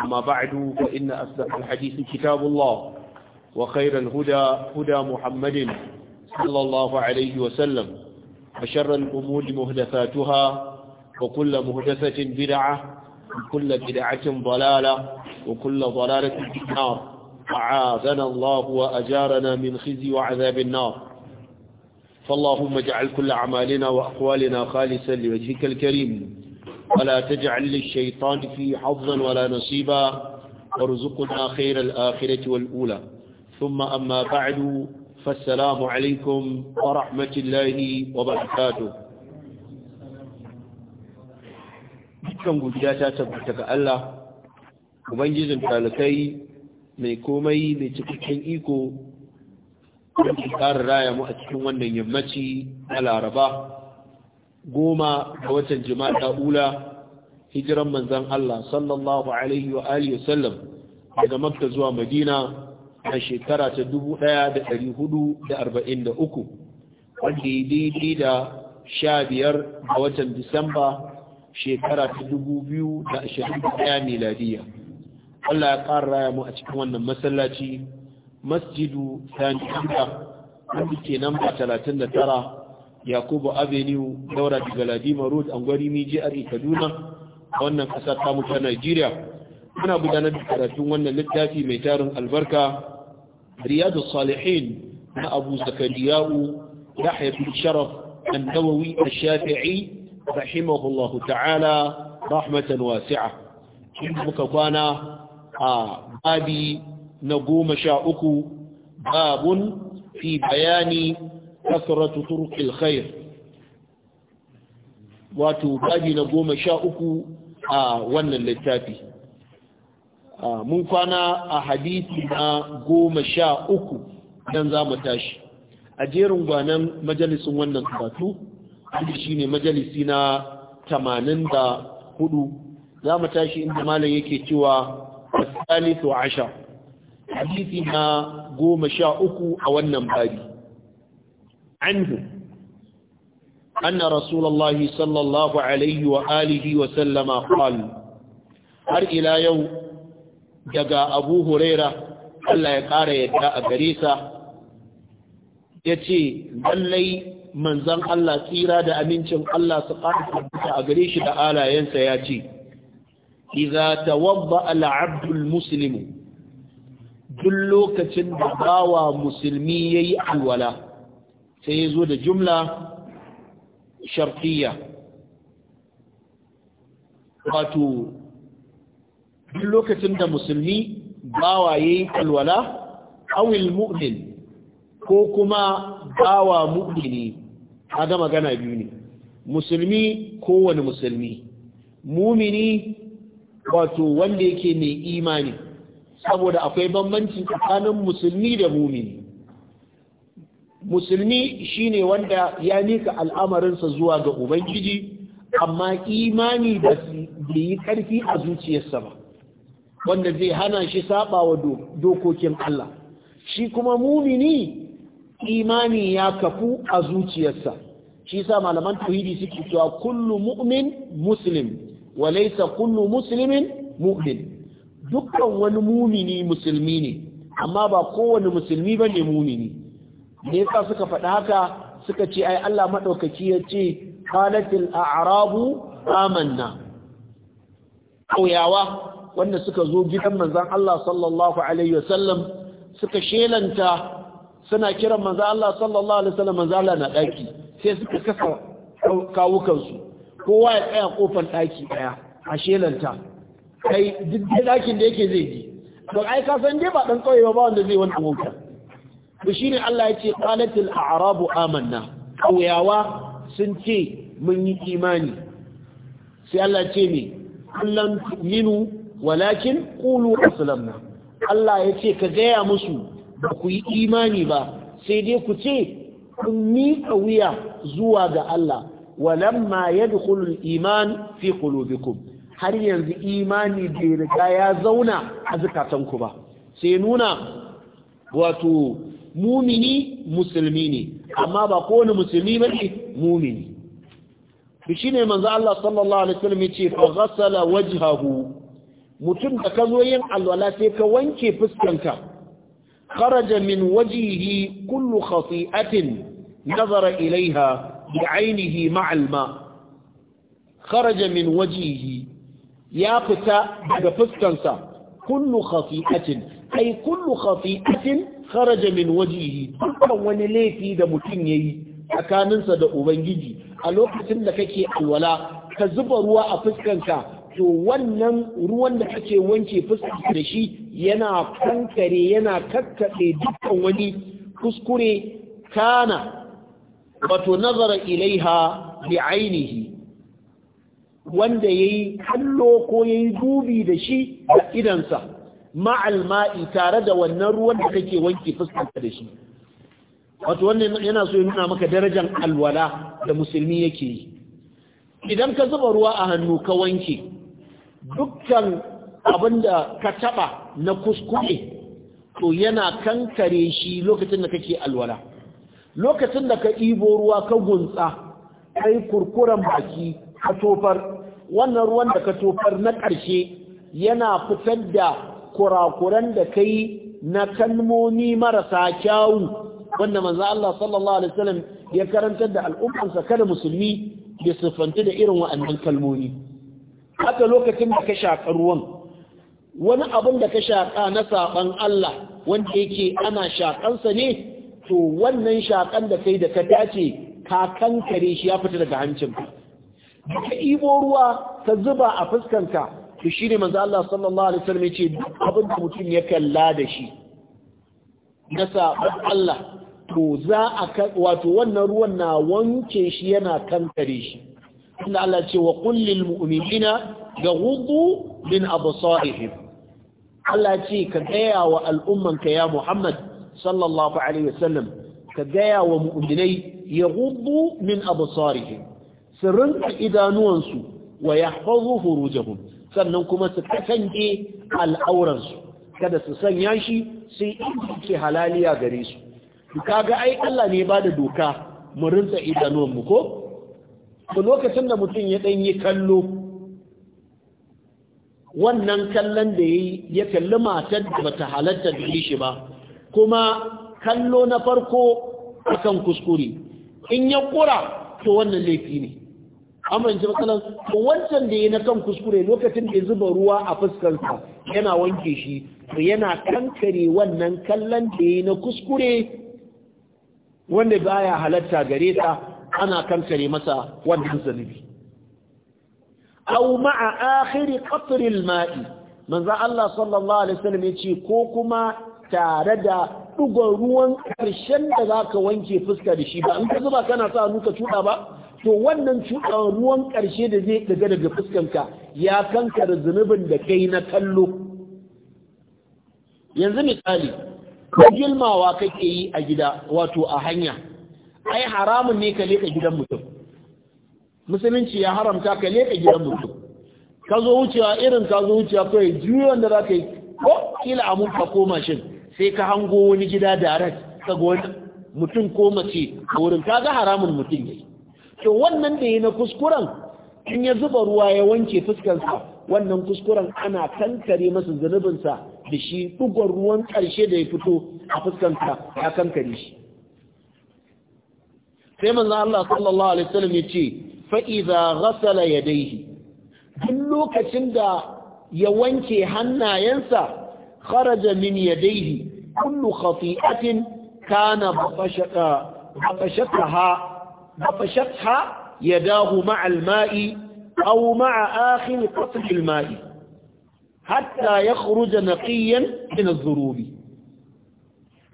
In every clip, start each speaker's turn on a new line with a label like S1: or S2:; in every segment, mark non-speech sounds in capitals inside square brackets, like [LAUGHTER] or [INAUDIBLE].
S1: أما بعد فإن أصدق الحديث كتاب الله وخير الهدى هدى محمد صلى الله عليه وسلم وشر الأمور مهدفاتها وكل مهدفة بدعة وكل بدعة ضلالة وكل ضلالة في النار أعاذنا الله وأجارنا من خزي وعذاب النار فاللهم اجعل كل أعمالنا وأقوالنا خالصا لوجهك الكريم ولا تجعل للشيطان في حظا ولا نصيبا وارزقنا خير الآخرة والأولى ثم أما بعد فالسلام عليكم ورحمة الله وبركاته dukkan guda ta tabbata ga Allah ubangijin talakai mai komai mai cikakken iko wanda ƙara raya mu a cikin wannan yammaci na laraba goma ga watan jima'a ula hijiran manzan Allah sallallahu alaihi wa alihi sallam daga makka zuwa madina a shekara ta 1443 wanda yi daidai da sha biyar a watan disamba shekara ta 2021 miladiya Allah ya ƙara ya mu a cikin wannan masallaci masjidu sani wanda ke nan ba tara. yakubu avenue daura daga ladima road angwarimi jihar kaduna wannan ƙasa ta mu ta nigeria muna gudanar da karatun wannan littafi mai tarin albarka riyadu salihin na abu zakariya'u yahya bin sharaf an-nawawi ash-shafi'i rahimahullahu ta'ala rahmatan wasi'a shi muka kwana a babi na goma sha uku babun fi bayani kasratu turuqil khair wato babi na goma sha uku a wannan littafi mun kwana a hadisi na goma sha uku dan za mu tashi a jerin gwanan majalisin wannan karatu shi ne majalisi na tamanin da hudu za mu tashi inda malam yake cewa asalisu asha. hadisi na goma sha uku a wannan babi عنه أن رسول الله صلى الله عليه وآله har ila yau daga abu huraira Allah ya ƙara yadda a gare sa ya ce lallai manzan Allah tsira da amincin Allah su ƙara tabbata a gare shi da alayensa ya ce iza tawabba al'abdul muslimu duk lokacin da bawa musulmi yayi alwala sai ya zo da jumla shartiya. wato duk lokacin da musulmi bawa yayi alwala awil mu'min ko kuma bawa mu'mini kaga magana biyu ne musulmi kowane musulmi mumini wato wanda yake mai imani saboda akwai bambanci tsakanin musulmi da mumini musulmi shine wanda ya nika al'amarinsa zuwa ga ubangiji amma imani da bai yi karfi a zuciyarsa ba wanda zai hana shi saba dokokin Allah shi kuma mumini imani ya kafu a zuciyarsa shi sa malaman tauhidi suke cewa kullu mu'min muslim wa laysa kullu muslimin mu'min dukkan wani mumini musulmi ne amma ba kowane musulmi bane mumini me yasa suka faɗi haka suka ce ai Allah madaukaki ya ce qalatil a'rabu amanna kauyawa wanda suka zo gidan manzon Allah sallallahu alaihi wasallam suka shelanta suna kiran manzon Allah sallallahu alaihi wasallam manzon Allah na daki sai suka kasa kawukansu kowa ya tsaya kofar daki daya a shelanta kai duk dakin da yake zai ji don ai ka san dai ba dan kauye ba wanda zai wannan wankan to shine Allah ya ce qalatil a'rabu amanna kauyawa sun ce mun yi imani sai Allah ce ne kullum tu'minu walakin qulu aslamna Allah ya ce ka gaya musu ba ku yi imani ba sai dai ku ce kun miƙa wuya zuwa ga Allah walamma yadkhulu al-iman fi qulubikum har yanzu imani bai riga ya zauna a zukatanku ba sai nuna wato mumini musulmi ne amma ba kowane musulmi ba ne mumini to shine manzo Allah sallallahu alaihi wasallam yace fa ghassala wajhahu mutum da ka zo yin alwala sai ka wanke fuskanka kharaja min wajihi kullu khati'atin nazara ilaiha bi'ainihi ainihi al-ma kharaja min wajihi ya fita daga fuskansa kullu khati'atin ay kullu khati'atin kharaja min wajihi dukkan wani laifi da mutum yayi tsakaninsa da ubangiji a lokacin da kake alwala ka zuba ruwa a fuskanka to wannan ruwan da kake wanke fuskanka da shi yana kankare yana kakkaɓe dukkan wani kuskure kana wato nazara ilaiha bi ainihi wanda yayi kallo ko yayi dubi da shi da idansa ma'al ma'i tare da wannan ruwan da kake wanke fuskanta da shi wato wannan yana so ya nuna maka darajar alwala da musulmi yake yi idan ka zuba ruwa a hannu ka wanke dukkan abin da ka taba na kuskure to yana kankare shi lokacin da kake alwala lokacin da ka ibo ruwa ka gunsa kai kurkuran baki ka tofar wannan ruwan da ka tofar na ƙarshe yana fitar da kurakuran da kai na kalmomi marasa kyawu wanda manzo Allah sallallahu alaihi wasallam ya karantar da al'ummansa kada musulmi ya sifanti da irin wa'annan kalmomi haka lokacin da ka shaƙa ruwan wani abin da ka shaƙa na saɓan Allah wanda yake ana shaƙansa ne to wannan shaƙan da kai da ka dace ka kankare shi ya fita daga hancin ka ibo ruwa ka zuba a fuskanka to shi ne manzo Allah sallallahu alaihi wasallam yace abin da mutum ya kalla da shi na sabon Allah to za a wato wannan ruwan na wanke shi yana kankare shi inda Allah ce wa qul lil mu'minina yaghuddu min absarihim Allah ce ka gaya wa al'ummanka ya Muhammad sallallahu alaihi wasallam ka gaya wa mu'minai yaghuddu min absarihim sirrin idanuwansu wa yahfazu furujahum sannan kuma su kasance al'auransu kada su sanya shi sai inda ke halaliya gare su ga ai Allah ne ba da doka mu rinsa mu ko to lokacin da mutum ya dan yi kallo wannan kallon da yayi ya kalli matar da bata halatta da shi ba kuma kallo na farko akan kuskure in ya kura to wannan laifi ne an fahimci matsalan to wancan da ya na kan kuskure lokacin da ya zuba ruwa a fuskarsa yana wanke shi to yana kankare wannan kallon da ya na kuskure wanda baya halatta gare ta ana kankare masa wannan zanubi aw ma'a akhir qatr al-ma'i manzo Allah sallallahu alaihi wasallam yace ko kuma tare da dugon ruwan karshen da zaka wanke fuska da shi ba in ka zuba kana sa nuka tuda ba to wannan cuɗan ruwan ƙarshe da zai daga daga fuskanka ya kankara zunubin da kai na kallo yanzu misali ko gilmawa kake yi a gida wato a hanya ai haramun ne ka leka gidan mutum musulunci ya haramta ka leka gidan mutum ka zo wucewa irin ka zo wucewa ya juyi wanda za ka yi ko kila a mutu ko mashin sai ka hango wani gida direct ka ga wani mutum ko mace a wurin ka ga haramun mutum ya to wannan da ya na kuskuren in ya zuba ruwa ya wanke fuskarsa wannan kuskuren ana kankare masa zunubinsa da shi ɗugon ruwan ƙarshe da ya fito a fuskarsa ya kankare shi sai manzo Allah sallallahu alaihi wasallam ya ce fa idza ghasala yadayhi duk lokacin da ya wanke hannayensa kharaja min yadayhi kullu khati'atin kana baqashaka baqashakaha فشطها يداه مع الماء أو مع آخر قطر الماء حتى يخرج نقيا من الظروب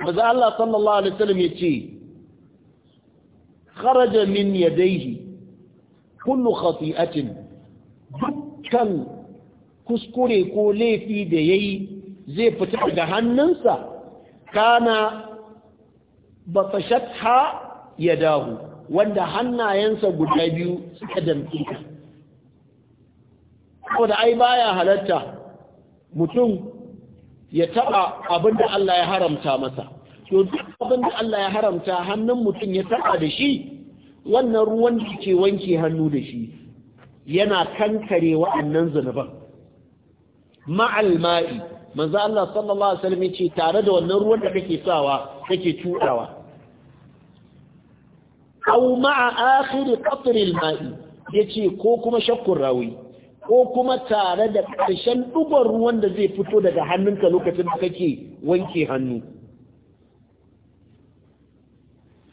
S1: فذا الله صلى الله عليه وسلم يتي خرج من يديه كل خطيئة dukkan كسكري كولي في ديي زي فتح zai كان بطشتها يداه wanda hannayensa guda biyu suka damke ka saboda ai baya halatta mutum ya taɓa abin da Allah ya haramta masa to duk abin da Allah ya haramta hannun mutum ya taba da shi wannan ruwan da ke wanke hannu da shi yana kankare wa'annan zunuban ma'al ma'i manzo Allah sallallahu alaihi wasallam ce tare da wannan ruwan da kake sawa kake tuɗawa. aw ma'a akhir qatr al yace ko kuma shakkun rawi ko kuma tare da ƙarshen dubar ruwan da zai fito daga hannunka lokacin da kake wanke hannu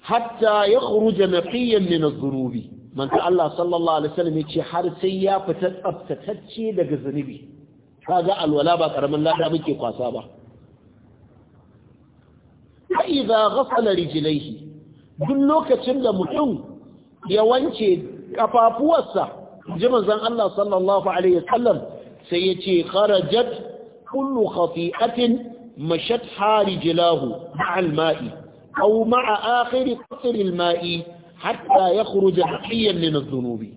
S1: hatta ya khuruja naqiyan min adh-dhunubi manzo Allah sallallahu alaihi wasallam yace har sai ya fita tsaftatacce daga zunubi kaga alwala ba karaman lada muke kwasa ba fa idza ghasala rijlaihi duk lokacin da mutum ya wanke kafafuwarsa ji manzon Allah sallallahu alaihi wasallam sai ya ce kharajat kullu khafi'atin mashat harijilahu ma'al ma'i aw ma'a akhir qatr mai hatta yakhruj haqiyan min adh-dhunubi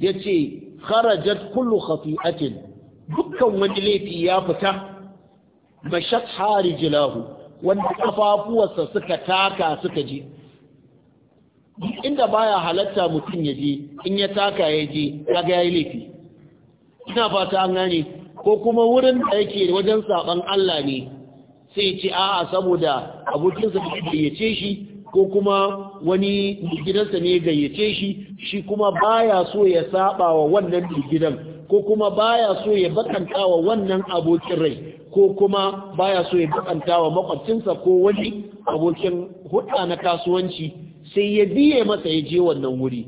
S1: yace kharajat kullu khafi'atin dukkan wani laifi ya fita mashat harijilahu wanda kafafuwarsa suka taka suka je inda baya halatta mutum ya je in ya taka ya je kaga yayi laifi ina fata an gane ko kuma wurin da yake wajen saban Allah ne sai ce a'a saboda abokinsa da ya ce shi ko kuma wani gidansa ne gayyace shi shi kuma baya so ya saba wa wannan gidan ko kuma baya so ya bakanta wa wannan abokin rai ko kuma baya so ya bakanta wa makwabcinsa ko wani abokin hudda na kasuwanci sai ya biye masa ya je wannan wuri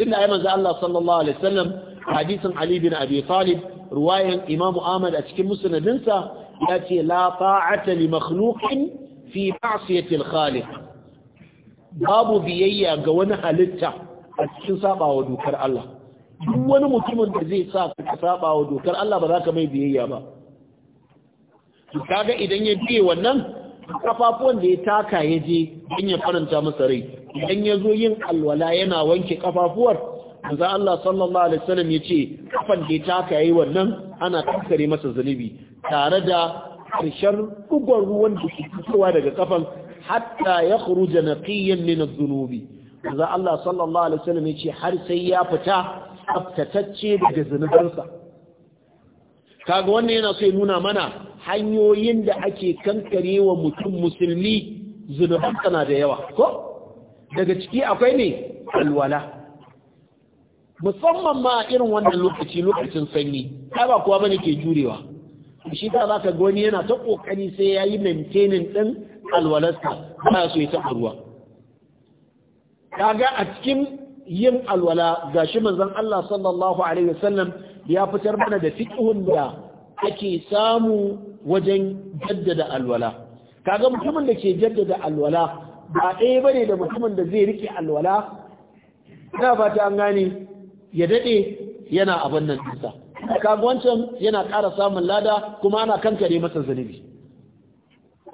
S1: inda ayi manzo Allah sallallahu alaihi wasallam hadisin Ali bin Abi Talib ruwayan Imam Ahmad a cikin musnadinsa ya ce la ta'ata li makhluqin fi ma'siyati al-khaliq babu biyayya ga wani halitta a cikin sabawa dokar Allah duk wani mutumin da zai sa ka sabawa dokar Allah ba za ka mai biyayya ba to kaga idan ya biye wannan kafafuwan da ya taka ya je in ya faranta masa rai idan ya zo yin alwala yana wanke kafafuwar manzo Allah sallallahu alaihi wasallam yace kafan da ya taka yayi wannan ana kankare masa zunubi tare da karshen rugon ruwan da ke fitowa daga kafan hatta ya khuruja naqiyyan min adh-dhunubi za Allah sallallahu alaihi wasallam yace har sai ya fita tsaftatacce daga zunubansa kaga wannan yana so ya nuna mana hanyoyin da ake kankarewa mutum musulmi zunubansa na da yawa ko daga ciki akwai ne alwala musamman ma irin wannan lokaci lokacin sanyi ai ba kowa bane ke jurewa shi ta zaka ga wani yana ta kokari sai ya yi maintaining din alwalarsa ba su yi taɓa kaga a cikin yin alwala gashi manzon Allah sallallahu alaihi wasallam ya fitar mana da fiqhun da ake samu wajen jaddada alwala kaga mutumin da ke jaddada alwala ba ɗaya ne da mutumin da zai rike alwala ina fata an gane ya daɗe yana abin nan dinsa kaga wancan yana ƙara samun lada kuma ana kankare masa zanibi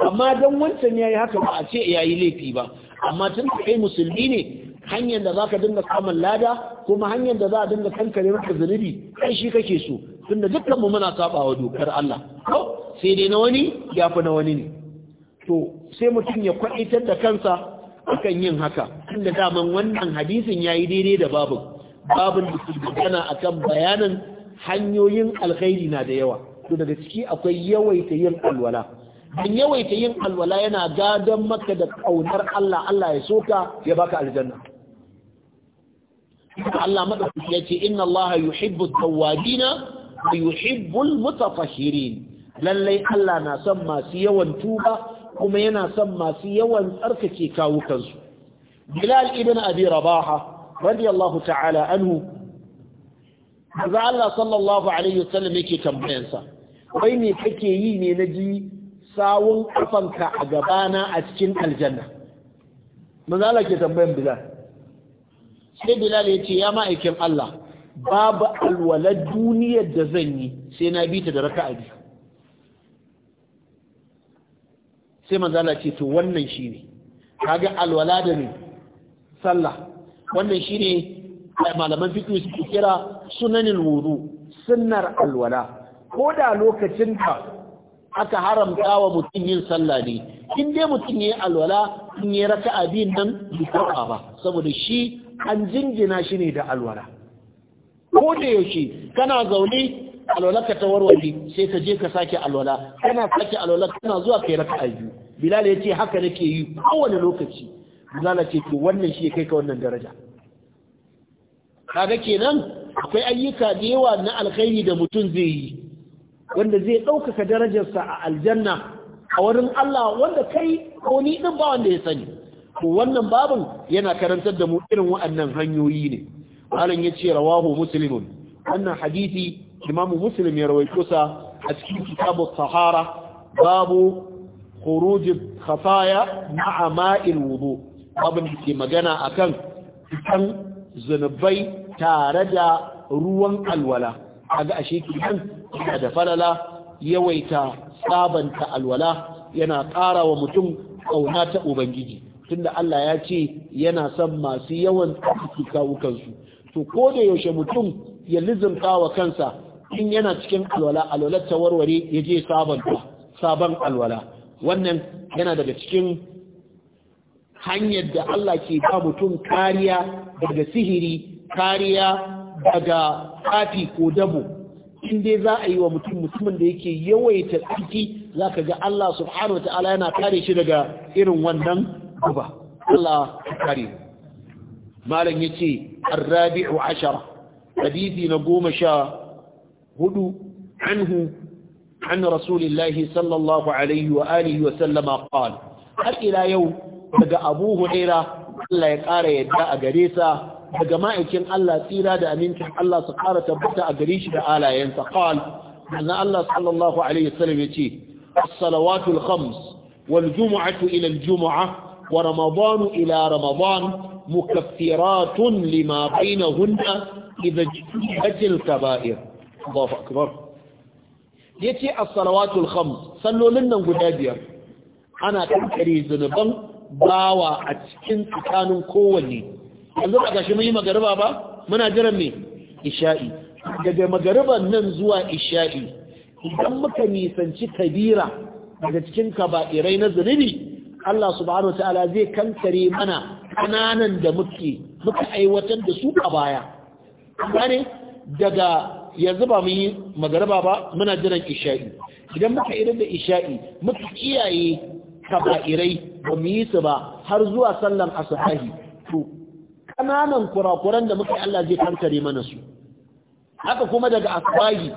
S1: amma don wancan ya yi haka ba a ce ya yi laifi ba amma tun da kai musulmi ne hanyar da za ka dinga samun lada kuma hanyar da za a dinga kankare maka zunubi kai shi kake so Tun da dukkan mu muna saba wa dokar Allah ko sai dai na wani ya fi na wani ne to sai mutum ya kwaitar da kansa akan yin haka tunda daman wannan hadisin ya yi daidai da babu babin da ke a akan bayanin hanyoyin alkhairi na da yawa to daga ciki akwai yawaita yin alwala an yawaita yin alwala yana gadon maka da ƙaunar Allah Allah ya soka ya baka aljanna Allah madaukaki yace inna Allah yuhibbu at-tawwabina wa yuhibbu al-mutatahhirin lalle Allah na son masu yawan tuba kuma yana son masu yawan tsarkake kawukansu Bilal ibn Abi Rabaha radiyallahu ta'ala anhu Azza Allah sallallahu alaihi wasallam yake tambayansa wai me kake yi ne na ji sawun kafanka a gabana a cikin aljanna manzala ke tambayan bilal sai bilal ya ce ya ma'aikin Allah babu alwalar duniyar da zan yi sai na bi ta da raka a biyu sai manzala ce to wannan shi ne kaga alwala da ne sallah wannan shi ne malaman fiqh su kira sunanin wudu sunnar alwala ko da lokacin ka. aka haramta wa mutum yin sallah ne in dai mutum ya alwala in ya raka abin nan bi ba saboda shi an jingina shi ne da alwala ko da yaushe kana zaune alwala ka ta warware sai ka je ka sake alwala kana sake alwala kana zuwa kai raka biyu bilal ya ce haka nake yi kowane lokaci bilal ya ce to wannan shi kai ka wannan daraja kaga kenan akwai ayyuka da yawa na alkhairi da mutum zai yi wanda zai ɗaukaka darajarsa a aljanna a wurin Allah wanda kai ko ni din ba wanda ya sani wannan babin yana karantar da mu irin waɗannan hanyoyi ne malam yace rawahu muslimun wannan hadisi imamu muslim ya rawaito sa a cikin kitabu Sahara, babu khuruj Kafaya ma'a ma'il wudu babin da ke magana akan kan zunubai tare da ruwan alwala kaga ashe kidan yana da falala yawaita sabanta alwala yana ƙara wa mutum ƙauna ta ubangiji tunda Allah ya ce yana son masu yawan tsarki kawukansu to ko da yaushe mutum ya lizimta wa kansa in yana cikin alwala alwalar ta warware ya je sabanta sabon alwala wannan yana daga cikin hanyar da Allah ke ba mutum kariya daga sihiri kariya daga kafi ko dabo in dai za a yi wa mutum mutumin da yake yawaita tsarki za ka ga Allah subhanahu wa ta'ala yana kare shi daga irin wannan guba Allah kare malam yace ar-rabi'u ashara hadisi na goma sha hudu anhu an rasulillahi sallallahu alaihi wa alihi wa sallama qala har ila yau daga Abu Hurairah Allah ya kara yadda a gare sa daga ma'aikin Allah tsira da amincin Allah su ƙara tabbata a gari shi da alayensa qal anna Allah sallallahu alaihi wasallam yace as-salawatul khams wal jumu'atu ila al wa ramadanu ila ramadan mukaffiratun lima bayna idza idan al-kaba'ir Allahu akbar yace as-salawatul khams sallolin nan guda biyar ana kankare zunuban bawa a cikin tsakanin kowanne yanzu ba gashi mun yi magariba ba muna jiran me isha'i daga magariban nan zuwa isha'i idan muka nisanci kabira daga cikin kaba'irai na zunubi Allah subhanahu wa ta'ala zai kankare mana kananan da muke muka aiwatar da su a baya gane daga yanzu ba mun yi magariba ba muna jiran isha'i idan muka irin da isha'i muka kiyaye kaba'irai ba mu yi su ba har zuwa sallan asubahi ƙananan kurakuran da muka Allah zai kankare mana su haka kuma daga asbahi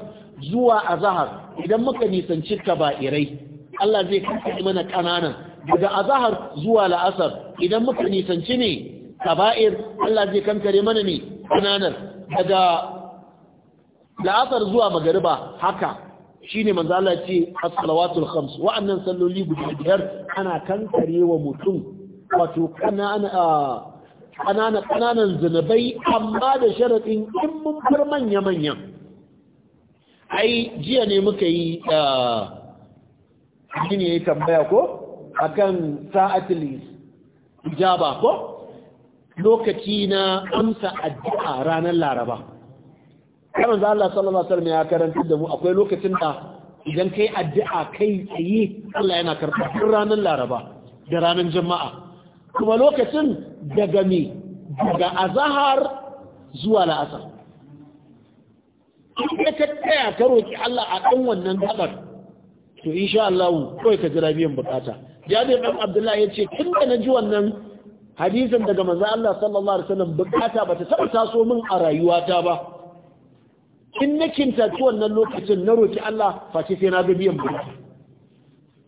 S1: zuwa azahar idan muka nisanci kaba'irai Allah zai kankare mana ƙananan daga azahar zuwa la'asar idan muka nisanci ne kaba'ir Allah zai kankare mana ne ƙananan daga la'asar zuwa magariba haka shine manzo Allah ce salawatul khams wa'annan salloli guda biyar ana kankare wa mutum wato ƙananan ah, ƙananan ƙananan amma da sharaɗin in mun far manya-manyan ai jiya ne muka yi a ah, jini ya tambaya ko akan sa'atul ijaba ko lokaci na amsa addu'a ranar laraba kamar za Allah sallallahu Alaihi wasallam ya karanta da mu akwai lokacin da idan kai addu'a kai tsaye Allah yana karɓar ranar laraba da ranar Juma'a. kuma lokacin daga me daga azahar zuwa la'asar in ka taya ka roki Allah a ɗan wannan gabar to insha Allah kawai ka jira biyan bukata jabir ɗan abdullahi ya ce tun da na ji wannan hadisin daga manzo Allah sallallahu alaihi wasallam bukata bata taɓa taso min a rayuwata ba in na kintaci wannan lokacin na roki Allah face sai na ga biyan bukata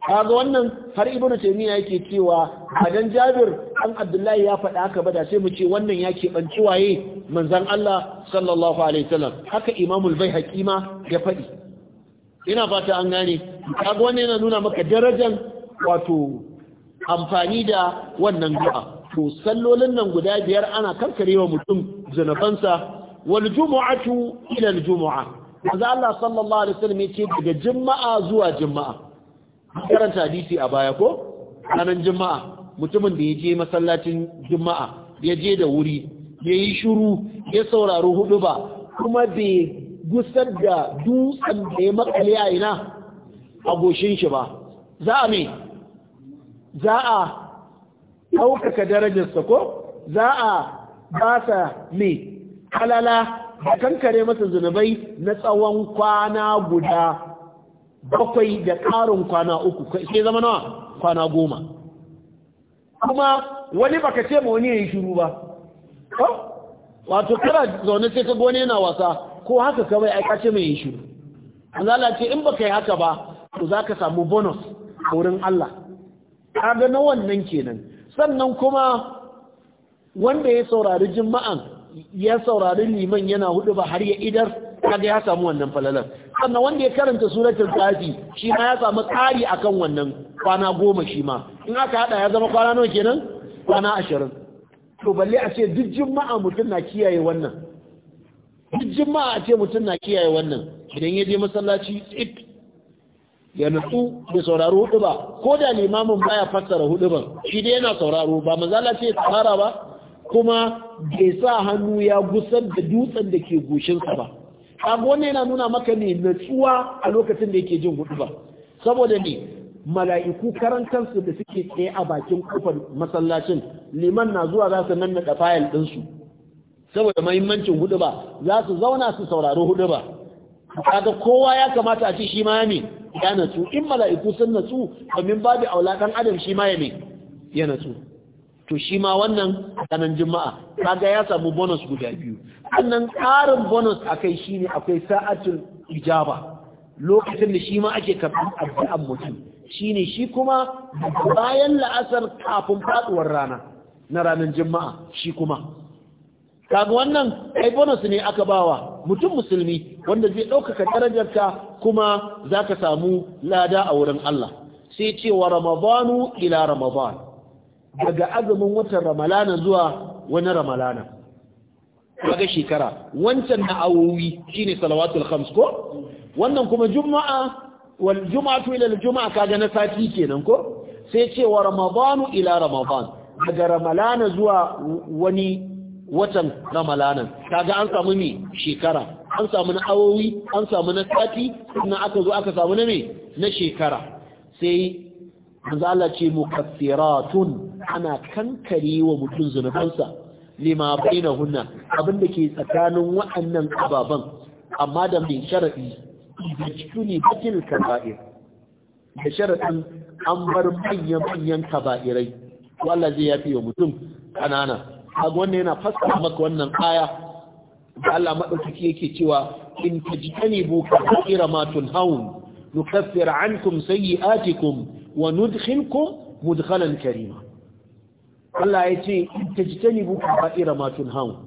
S1: kaga wannan har ibn taymiya yake cewa adan jabir an abdullahi ya faɗa haka ba da sai mu ce wannan ya banci waye manzon Allah sallallahu alaihi wasallam haka imamul baihaqi ma ya faɗi ina fata an gane kaga wannan yana nuna maka darajar wato amfani da wannan du'a to sallolin nan guda biyar ana karkarewa mutum zanabansa wal jumu'atu ila al jumu'a manzon Allah sallallahu alaihi wasallam yace daga juma'a zuwa juma'a karanta hadisi a baya ko ranar juma'a mutumin da ya je masallacin juma'a ya je da wuri ya yi shuru ya saurari hudu ba kuma bai gusar da dutsen da ya makale a ina a goshin shi ba za a me za a ɗaukaka darajarsa ko za a ba sa mai halala da kankare masa zunubai na tsawon kwana guda bakwai da ƙarin kwana uku sai zama nawa kwana goma kuma wani baka ce ma wani ya yi shiru ba wato kara zaune sai ka gone na wasa ko haka kawai aika ce mai yi shiru Allah ce in baka yi haka ba to za ka samu bonus a wurin Allah kaga na wannan kenan sannan kuma wanda ya saurari jima'an ya saurari liman yana hudu ba har ya idar kaga ya samu wannan falalar sannan wanda ya karanta suratul kafi shi ma ya samu tsari kan wannan kwana goma shi ma in aka hada ya zama kwana nawa kenan kwana ashirin to balle a ce duk juma'a mutum na kiyaye wannan duk juma'a a ce mutum na kiyaye wannan idan ya je masallaci tsit ya nutsu da sauraro hudu ba ko da limamin baya fassara hudu ba shi dai yana sauraro ba manzala ce tsara ba kuma bai sa hannu ya gusar da dutsen da ke goshinsa ba abu wannan yana nuna maka ne natsuwa a lokacin da yake jin hudu ba saboda ne mala'iku karan kansu da suke tsaye a bakin kofar masallacin liman na zuwa za su nan da fayil ɗinsu saboda mahimmancin hudu ba za su zauna su saurari hudu ba kaga kowa ya kamata a ci shi ma ne ya natsu in mala'iku sun natsu domin babu aula ɗan adam shi ma ya ya natsu to shi ma wannan ranar juma'a kaga ya samu bonus guda biyu sannan tsarin bonus a kai shi ne akwai sa'atun ijaba lokacin da shi ma ake karɓar addu'an mutum Shi ne shi kuma bayan la'asar kafin faɗuwar rana na ranar juma'a shi kuma kaga wannan ai bonus ne aka bawa mutum musulmi wanda zai ɗaukaka darajarka kuma za ka samu lada a wurin Allah sai ce wa ramadanu ila ramadan daga azumin watan ramalana zuwa wani ramalana kaga shekara wancan na awowi shine salawatul khams ko wannan kuma juma'a wal juma'atu ila al juma'a kaga na sati kenan ko sai ce wa ramadanu ila ramadan daga ramalana zuwa wani watan ramalana kaga an samu ne shekara an samu na awowi an samu na sati sannan aka zo aka samu na me na shekara sai manzo Allah ce mukaffiratun ana kankare wa mutum zunubansa lima bainahunna abin da ke tsakanin waɗannan ababan amma da mai sharaɗi, da cikin batil kaba'ir da sharaɗin an bar manyan manyan kaba'irai to Allah zai yafi wa mutum kanana kaga wannan yana fassara maka wannan kaya da Allah madaukaki yake cewa in tajtanibu kaba'ira ma tunhaun nukaffir ankum sayyi'atikum wa nudkhilkum mudkhalan karima Allah ya ce tajtanibu kaba'ira matun hau?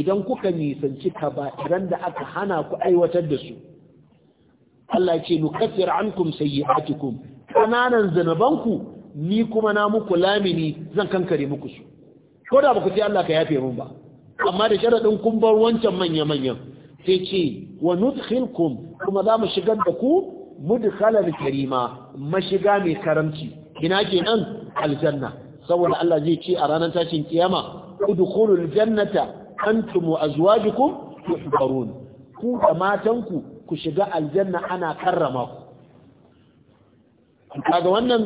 S1: idan kuka nisanci kaba'iran da aka hana ku aiwatar da su Allah ya ce nukaffir ankum sayyi'atikum kananan zanabanku ni kuma na muku lamini zan kankare muku su ko da baku ce Allah ka yafe mun ba amma da sharaɗin kun bar wancan manya manyan sai ce wa nudkhilkum kuma za mu shigar da ku mudkhalan karima mashiga mai karamci ina kenan aljanna saboda Allah zai ce a ranar tashin kiyama udkhulul jannata antum wa azwajukum tuhbarun ku da matanku ku shiga aljanna ana karrama ku kaga wannan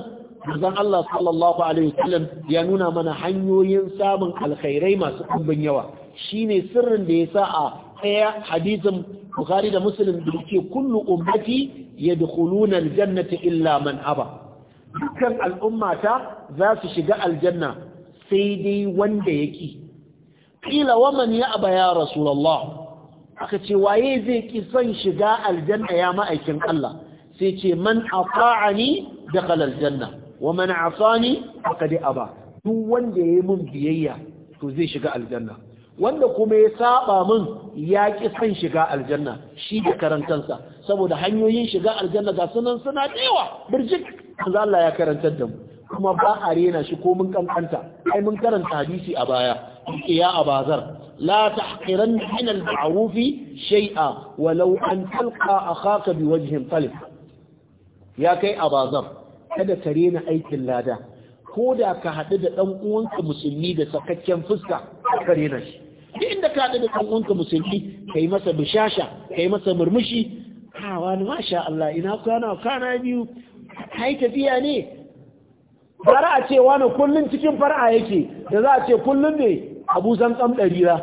S1: manzon Allah sallallahu alaihi wasallam ya nuna mana hanyoyin samun alkhairai masu ɗumbin yawa shine sirrin da yasa a ɗaya hadisin Bukhari da Muslim da yake kullu ummati yadkhuluna aljannata illa man aba dukkan al'ummata za su shiga aljanna sai dai wanda yake qila waman ya aba ya Rasulallah! aka ce waye zai ki son shiga aljanna ya ma'aikin Allah sai ce man ata'ani dakhala aljanna wa man asani faqad aba duk wanda yi mun biyayya to zai shiga aljanna wanda kuma ya saba min ya ƙi son shiga aljanna shi da karantansa saboda hanyoyin shiga aljanna ga sunan suna ɗewa birjik manzo Allah ya karantar da mu kuma ba a rena shi ko mun kankanta ai mun karanta hadisi a baya ya abazar la tahqiran min al-ma'ruf shay'a walau an talqa akhaka biwajhin talib ya kai abazar kada ka rena aikin lada ko da ka haɗu da ɗan uwanka musulmi da sakakken fuska ka rena shi duk inda ka haɗu da ɗan uwanka musulmi kai masa bishasha kai masa murmushi ha ah, wani masha Allah ina kwana kana biyu yi tafiya ne fara a cewa wani kullum cikin fara yake da za a ce kullum ne abu zan tsam ɗarira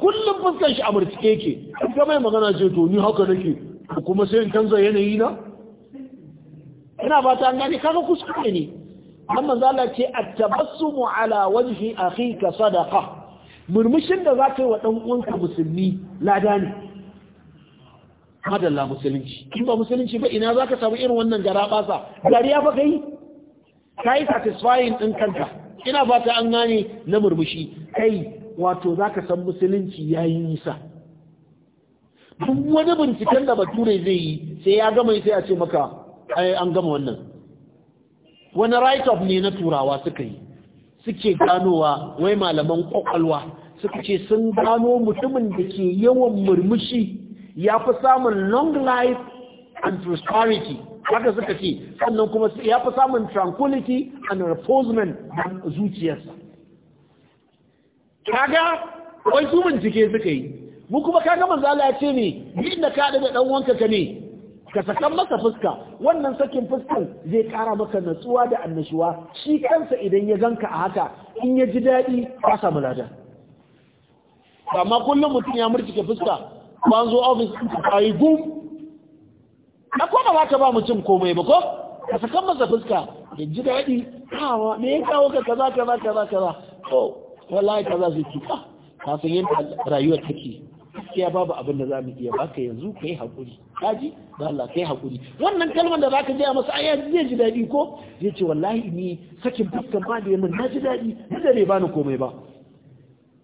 S1: kullum fuskar shi a murtike ke ga mai magana ce to ni haka nake kuma sai in canza yanayi na ina ba ta gani kaga kuskure ne amma zala ce a tabassumu ala wajhi akhika sadaqa murmushin da za ka yi wa ɗan uwanka musulmi lada ne madalla musulunci in ba musulunci ba ina zaka samu irin wannan gara basa dariya ba ka yi satisfying ɗin kanka ina fata an gane na murmushi kai wato zaka san musulunci yayi yi nisa duk wani binciken da bature zai yi sai ya gama sai a ce maka an gama wannan wani right of ne na turawa suka yi suke ganowa wai malaman kwakwalwa suka ce sun gano mutumin da ke yawan murmushi ya fi samun long life and prosperity haka suka ce sannan kuma ya fi samun tranquility and reposement da zuciyarsa kaga wai su bincike suka yi mu kuma kaga manzala ya ce ne yin da ka da dan wanka ka ne ka sakan masa fuska wannan sakin fuskan zai kara maka natsuwa da annashuwa shi kansa idan ya ganka a haka in ya ji daɗi ba samu lada amma kullum mutum ya murtuke fuska ban zo ofis a yi gum na kwana ba ba mutum komai ba ko ka sakan masa fuska da ji daɗi kawo ne ya kawo ka kaza kaza kaza kaza to wallahi kaza su ci ka ka san yadda rayuwar take gaskiya babu abin da mu iya baka yanzu ka yi hakuri kaji da Allah ka yi hakuri wannan kalmar da ka je masa aya zai ji daɗi ko zai ce wallahi ni sakin fuskan ba da yamin na ji daɗi ni da ba bani komai ba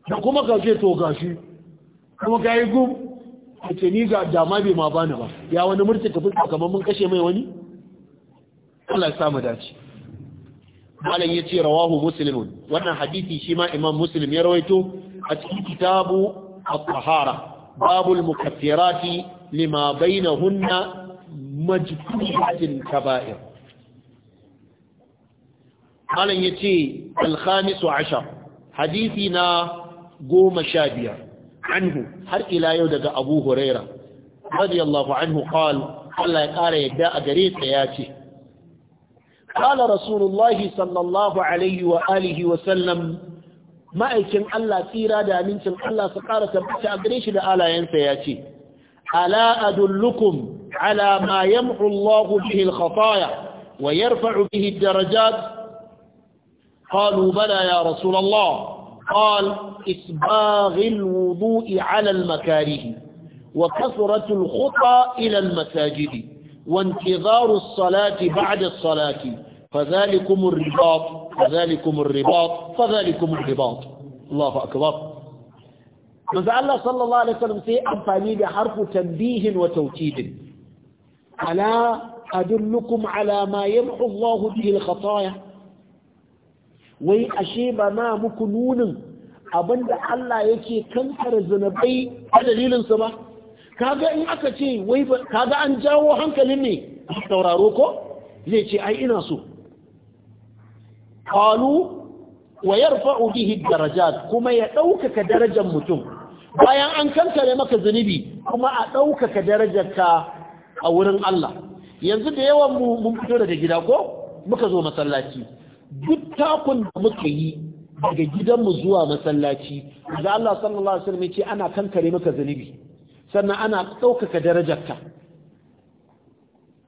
S1: da kuma ka ce to gashi kuma ka yi gum a ce ni ga dama bai ma bani ba ya wani murci tafi kamar mun kashe mai wani Allah ya samu dace malam ya ce rawahu musulmin, wannan hadisi shi ma imam muslim ya rawaito a cikin kitabu a tahara babul mukaffirati lima hunna majtunibatin kaba'ir malam ya ce al-khamis 10 hadisi na goma sha biyar anhu har ila yau daga abu huraira radiyallahu anhu qala Allah ya ƙara yadda a gare ta ya ce qala rasulullahi sallallahu alaihi wa alihi wa sallam ma'aikin Allah tsira da amincin Allah su kara tabbata a gare shi da alayensa yace ce ala adullukum ala ma yamhu Allah bihi al-khataya ويرفع به الدرجات قالوا بلى يا رسول الله قال إسباغ الوضوء على المكاره وكثرة الخطى إلى المساجد وانتظار الصلاة بعد الصلاة فذلكم الرباط فذلكم الرباط فذلكم الرباط الله أكبر ماذا الله صلى الله عليه وسلم في أنفاني بحرف تنبيه وتوكيد ألا أدلكم على ما يمحو الله به الخطايا wai ashe ba na muku nunin abinda Allah yake kankare zunubai a dalilinsa ba kaga in aka ce wai kaga an jawo hankalin ne a sauraro ko zai ce ai ina so qalu wa yarfa'u bihi darajat kuma ya ɗaukaka darajar mutum bayan an kankare maka zunubi kuma a ɗaukaka ka a wurin Allah yanzu da yawan mu mun fito daga gida ko muka zo masallaci duk takun da muka yi daga gidanmu zuwa masallaci da Allah sallallahu alaihi wasallam ya ce ana kankare maka zunubi sannan ana ɗaukaka darajarka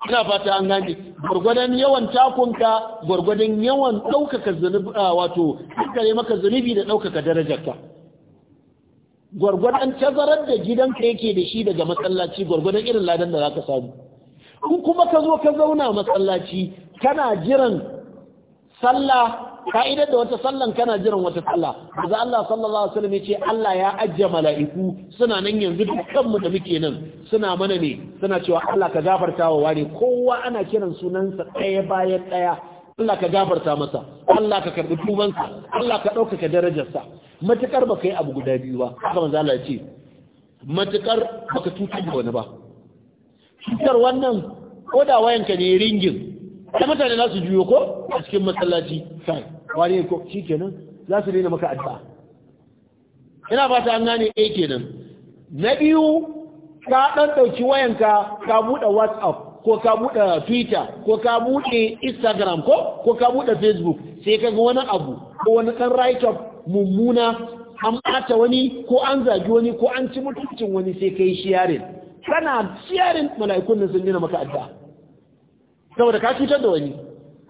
S1: ina fata an gane gwargwadon yawan takunka gwargwadon yawan ɗaukaka zanubi wato kankare maka zunubi da ɗaukaka darajarka gwargwadon tazarar da gidanka yake da shi daga masallaci gwargwadon irin ladan da zaka samu kuma ka zo ka zauna masallaci kana jiran sallah ka'idar da wata sallan kana jiran wata sallah da Allah sallallahu alaihi wasallam yace Allah ya ajje mala'iku suna nan yanzu kanmu da muke nan suna mana ne suna cewa Allah ka gafarta wa wani kowa ana kiran sunansa ɗaya bayan ɗaya Allah ka gafarta masa Allah ka karbi tubansa Allah ka ɗaukaka darajarsa matukar ba kai abu guda biyu ba haka manzo Allah ce matukar baka tutar da wani ba cutar wannan ko da wayanka ne ringin da mutane za su juyo ko a cikin masallaci kan wani ko shi kenan za su daina maka addu'a ina ba ta an ne a kenan na biyu ka ɗan ɗauki wayanka ka buɗe whatsapp ko ka buɗe twitter ko ka buɗe instagram ko ko ka buɗe facebook sai ka ga wani abu ko wani ɗan write mummuna an ɓata wani ko an zagi wani ko an ci mutuncin wani sai ka yi sharing kana sharing mala'ikun nan sun nuna maka addu'a saboda ka cutar da wani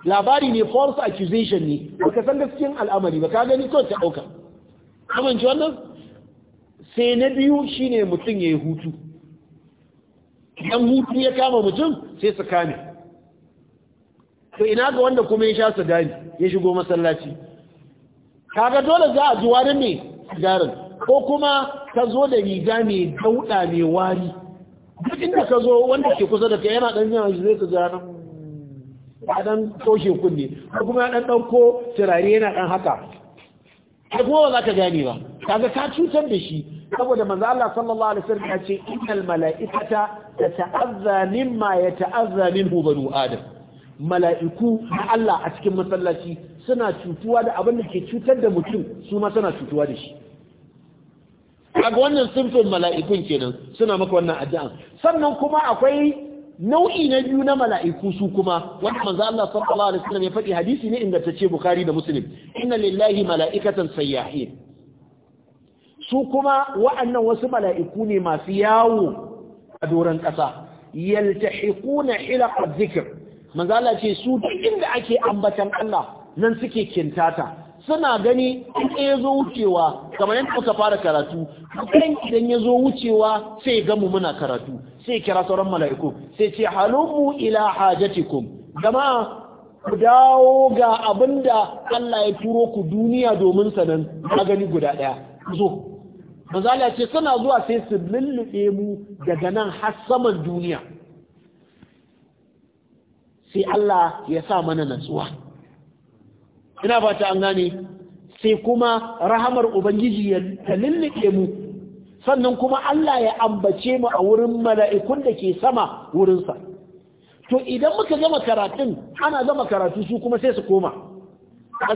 S1: labari ne false accusation ne ba ka san gaskiyan al'amari ba ka gani kawai ta dauka amince wannan sai na biyu shine mutum yayi hutu idan hutu ya kama mutum sai su kame to ina ga wanda kuma ya sha sadani ya shigo masallaci kaga dole za a ji wani ne garin ko kuma ka zo da riga mai dauda mai wari duk inda ka zo wanda ke kusa da kai yana dan yana zai ka ga ba dan toshe kunne ko kuma ya dan ɗauko turare yana ɗan haka ko kuma ba za ka gane ba kaga ka cutar da shi saboda manzo Allah sallallahu alaihi wasallam ya ce innal malaikata tata'azza mimma yata'azza minhu banu adam mala'iku na Allah a cikin masallaci suna cutuwa da abin da ke cutar da mutum su ma suna cutuwa da shi kaga wannan simfin mala'ikun kenan suna maka wannan addu'a sannan kuma akwai nau'i na biyu na mala'iku su kuma wanda manzo Allah sallallahu alaihi wasallam ya faɗi hadisi ne ingantacce Bukhari da Muslim inna lillahi mala'ikatan sayyahin su kuma wa'annan wasu mala'iku ne masu yawo a doron ƙasa yaltahiquna hilaqa dhikr manzo Allah ce su duk inda ake ambatan Allah nan suke kintata suna gani in ya zo wucewa kamar yadda muka fara karatu kan idan ya zo wucewa sai ya gamu muna karatu sai kira sauran mala'iku sai ce halummu ila hajjatikun Gama ku dawo ga abinda Allah ya turo ku duniya domin sanan magani guda ɗaya. zo manzala ce suna zuwa sai su lullube mu daga nan har saman duniya sai Allah ya sa mana natsuwa ina fata an gane sai kuma rahamar ubangiji ya lullube mu sannan kuma Allah ya ambace mu a wurin mala'ikun da ke sama wurinsa to idan muka gama karatun ana gama karatu su kuma sai su koma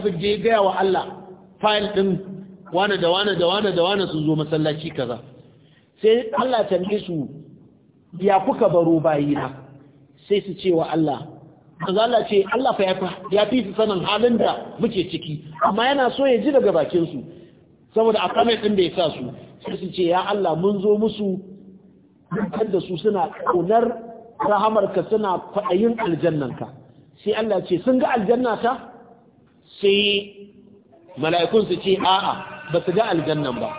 S1: su je gaya wa Allah fayil ɗin wane da wane da wane da wane su zo masallaci kaza sai Allah tambaye su ya kuka baro bayina sai su ce wa Allah Allah ce Allah ya fi su sanin halin da muke ciki amma yana so ya ji daga bakinsu, saboda a kamar ɗin da ya sa su sai su ce ya Allah mun zo musu dukkan da su suna ƙaunar rahamarka suna kwaɗayin aljannanka sai Allah ce sun ga aljannata sai mala'ikun su ce a'a ba su ga aljannan ba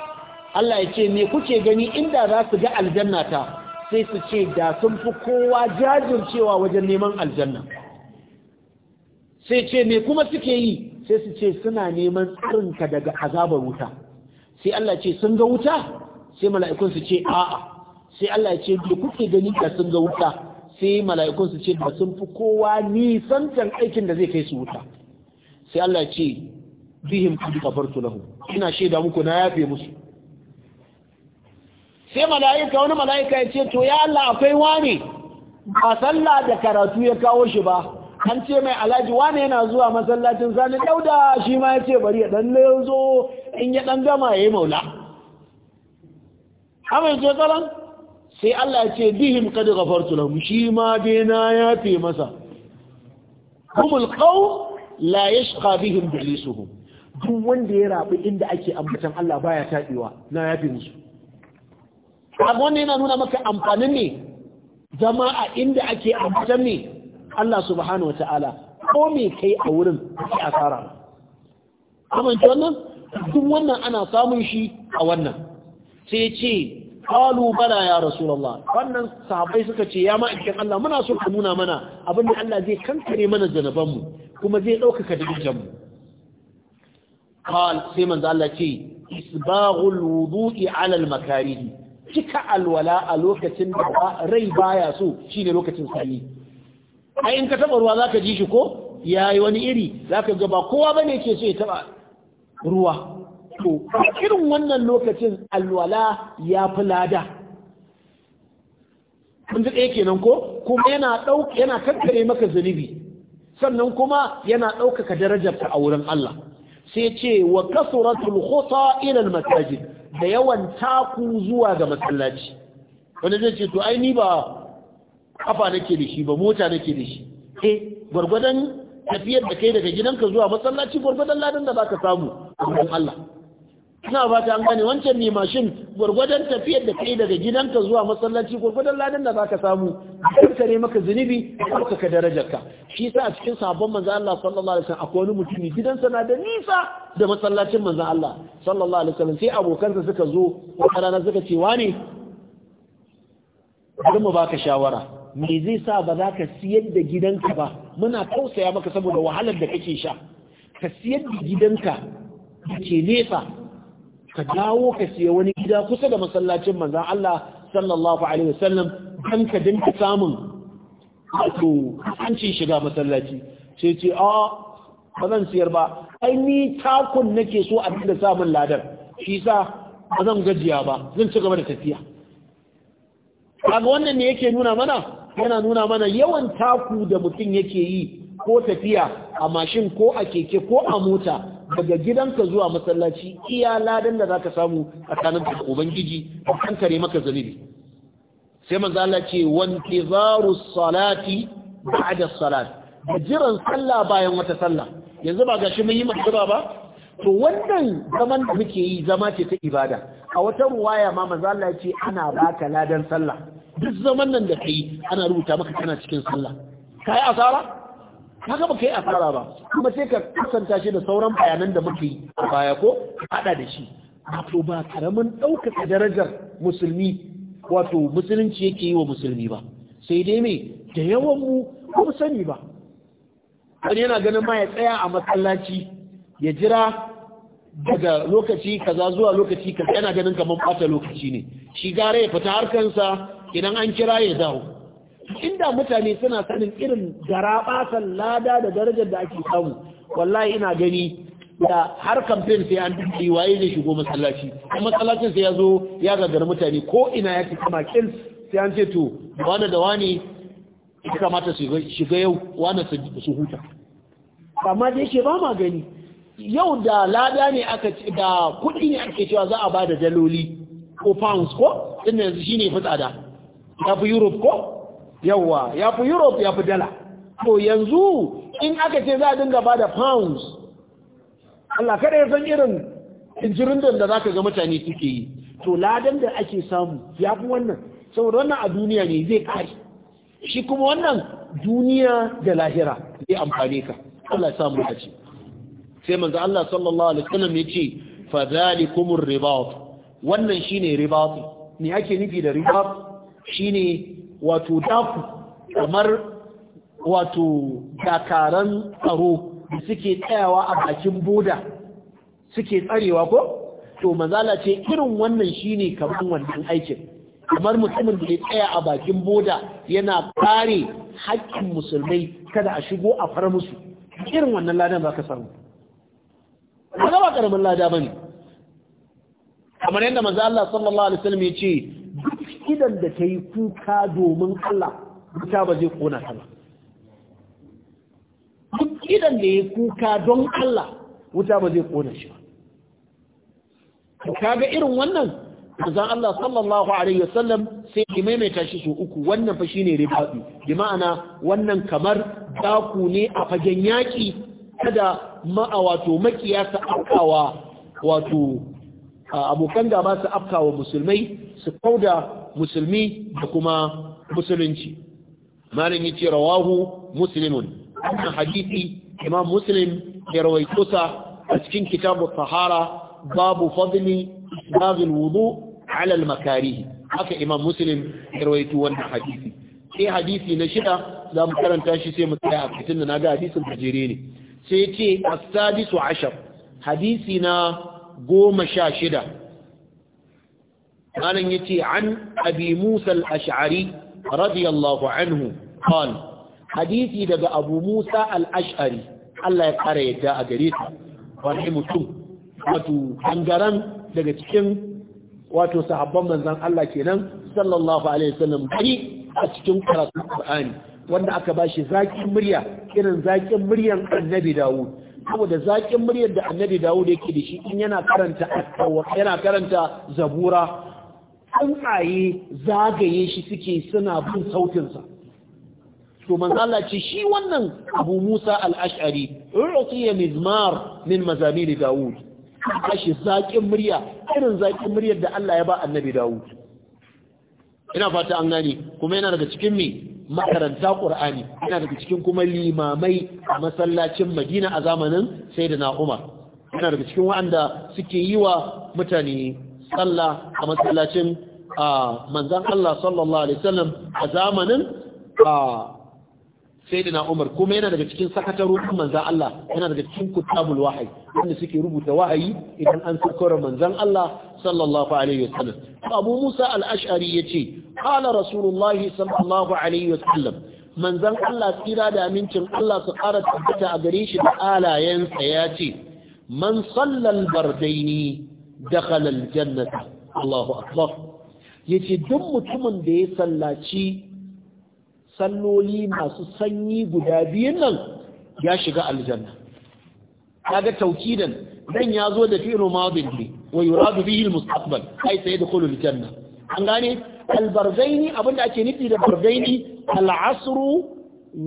S1: Allah ya ce me kuke gani inda za su ga aljannata sai su ce da sun fi kowa jajircewa wajen neman aljanna sai ce me kuma suke yi sai su ce suna neman tsarinka daga azabar wuta sai Allah ce sun ga wuta sai mala'ikun su ce a'a sai Allah ya ce da kuke gani ka sun ga wuta sai mala'ikun su ce ba sun fi kowa nisantan aikin da zai kai su wuta sai Allah ya ce bihim kudu kafartu lahu ina shaida muku na yafe musu sai mala'ika wani mala'ika ya ce to ya Allah akwai wane ba sallah da karatu ya kawo shi ba an ce mai alhaji wane yana zuwa masallacin sani dauda shi ma ya ce bari ya dan zo in ya ɗan gama ya yi maula abin ce tsaron sai Allah ce bihim kad ghafartu lahum shi ma dena ya yafe masa humul qaw la yashqa bihim bilisuhum duk wanda ya rabu inda ake ambatan Allah baya taɗewa na yafe musu abu wanda yana nuna maka amfanin ne zama a inda ake ambatan ne Allah subhanahu wa ko me kai a wurin ba asara amince wannan duk wannan ana samun shi a wannan sai ce qalu bala ya rasulullah wannan sahabbai suka ce ya ma'aikin Allah muna so ka nuna mana abin da Allah zai kankare mana zanaban mu kuma zai ɗaukaka dukkan mu qal sai manzo Allah ce isbaghul wudu'i ala al makarih cika alwala a lokacin da rai baya so shine lokacin sanyi ai in ka taba ruwa zaka ji shi ko yayi wani iri zaka ga ba kowa bane ke so ya taba ruwa to irin wannan lokacin alwala ya fi lada kun ji ɗaya kenan ko kuma yana ɗauka yana kankare maka zunubi sannan kuma yana ɗaukaka darajar ta a wurin Allah sai ce wa kasuratul khuta ila al masajid da yawan taku zuwa ga masallaci Wani zai ce to ai ni ba kafa nake da shi ba mota nake da shi eh gwargwadon tafiyar da kai daga gidanka zuwa masallaci gwargwadon ladan da baka samu a wurin Allah ina ba ta an gane wancan mai mashin gwargwadon tafiyar da kai daga gidanka zuwa masallaci gwargwadon ladan da baka samu kankare maka zunubi darajar darajarka shi sa a cikin sabon manzo Allah sallallahu alaihi wasallam akwai wani mutumi gidansa na da nisa da masallacin manzo Allah sallallahu alaihi wasallam sai abokansa suka zo wata rana suka ce wane bari mu baka shawara me zai sa ba za ka siyar da gidanka ba muna tausaya maka saboda wahalar da kake sha ka siyar da gidanka da ke nesa ka dawo ka siya wani gida kusa da masallacin manzan Allah sallallahu alaihi wasallam dan ka dinka samun wato hancin shiga masallaci sai ce a ba zan siyar ba ai ni takun nake so a dinga samun ladar shi sa ba zan gajiya ba zan ci gaba da tafiya kaga wannan ne yake nuna mana yana nuna mana yawan taku da mutum yake yi ko tafiya a mashin ko a keke ko a mota daga gidanka zuwa masallaci iya ladan da zaka samu a tsakanin da ubangiji a kan kare maka zunubi sai manzo Allah ce wantizaru salati ba'da salat da jiran sallah bayan wata sallah yanzu ba gashi mun yi magana ba to wannan zaman da muke yi zama ce ta ibada a wata ruwaya ma manzo Allah ce ana baka ladan sallah duk zaman nan da kai ana rubuta maka kana cikin sallah kai asara kaga ka yi asara ba kuma sai ka kasanta shi da sauran bayanan da muke yi a baya ko hada da shi wato ba karamin ɗaukaka darajar musulmi wato musulunci yake yi wa musulmi ba sai dai me da yawan mu ba sani ba wani yana ganin ma ya tsaya a masallaci ya jira daga lokaci kaza zuwa lokaci kaza yana ganin kamar bata lokaci ne shi gara ya fita harkansa idan an kira ya dawo inda mutane suna sanin irin garabasan lada da darajar da ake samu wallahi ina gani da har kamfen sai an dubi waye zai shigo masallaci kuma masallacin sai ya zo ya gagara mutane ko ina ya ci kama kin sai an ce to wani da wani ya kamata su shiga yau wani su huta amma da yake ba ma gani yau da lada ne aka ce da kuɗi ne ake cewa za a ba da daloli ko pounds ko inda yanzu shi ne fitsada. ya fi europe ko yawa ya fi europe ya fi dala to yanzu in aka ce za a dinga ba da pounds Allah kada ya san irin injirin da za ka ga mutane suke yi to ladan da ake samu ya fi wannan saboda wannan a duniya ne zai kare shi kuma wannan duniya da lahira zai amfani ka Allah ya samu ce sai manzo Allah sallallahu alaihi wasallam ce, fa zalikumur ribat wannan shine ribat ne ake nufi da ribat shine wato daku kamar wato dakaran tsaro da suke tsayawa a bakin boda suke tsarewa ko to mazala ce irin wannan shine kamar wannan aikin kamar mutumin da ya tsaya a bakin boda yana kare haƙƙin musulmai kada a shigo a fara musu irin wannan ladan za ka samu ba ba ƙaramin lada ba ne kamar yadda maza Allah sallallahu alaihi wasallam ya ce idan da ta yi kuka domin Allah wuta ba zai kona ta ba duk idan da ya yi kuka don Allah wuta ba zai kona shi ba ga irin wannan zan Allah sallallahu alaihi wasallam sai ki maimaita shi su uku wannan fa shine ribabi bi ma'ana wannan kamar daku ne a fagen yaki kada ma'a wato makiya su afkawa wato abokan gaba su afkawa musulmai su kauda musulmi da kuma musulunci malam ce rawahu muslimun wannan hadisi imam muslim ya rawaito sa a cikin kitabu sahara babu fadli babul wudu ala makarihi. haka imam muslim ya rawaito wannan hadisi sai hadisi na shida za mu karanta shi sai mu tsaya a cikin da naga hadisin bajere ne sai yace as-sadisu ashar hadisi na goma sha shida malam yace an abi musa al-ash'ari radiyallahu anhu qal hadisi daga abu musa al-ash'ari Allah ya kare yadda a gare ta wani mutum wato hangaran daga cikin wato sahabban manzon Allah kenan sallallahu alaihi wasallam bari a cikin karatun Qur'ani wanda aka bashi zakin murya irin zakin muryan Annabi Dawud saboda zaƙin muryar da annabi dawud yake da shi in yana karanta yana karanta zabura tsuntsaye zagaye shi suke suna bin sautinsa to manzala ce shi wannan abu musa al'ashari rufiya mizmar min mazamir dawud kashi zaƙin murya irin zaƙin muryar da Allah ya ba annabi dawud ina fata an gani kuma yana daga cikin me makaranta ƙur'ani yana daga cikin kuma limamai a masallacin madina a zamanin sai da na umar yana daga cikin waɗanda suke yi wa mutane sallah a masallacin manzan Allah sallallahu alaihi wasallam a zamanin saidina Umar kuma yana daga cikin sakatarorin manzan Allah yana daga cikin kutabul wahayi wanda suke rubuta wahayi idan an sakara manzan Allah sallallahu alaihi wasallam Abu Musa al-Ash'ari ce qala Rasulullah sallallahu alaihi wasallam manzan Allah tsira da amincin Allah su ƙara tabbata a gare shi da alayensa ya ce man sallal bardaini dakhala aljannata Allahu akbar yace duk mutumin da ya sallaci salloli masu sanyi guda biyun nan ya shiga aljanna kaga taukidan dan ya zo da fi'lu madin ne wa yuradu bihi almustaqbal ai sai aljanna an gane albarzaini abinda ake nufi da barzaini al'asr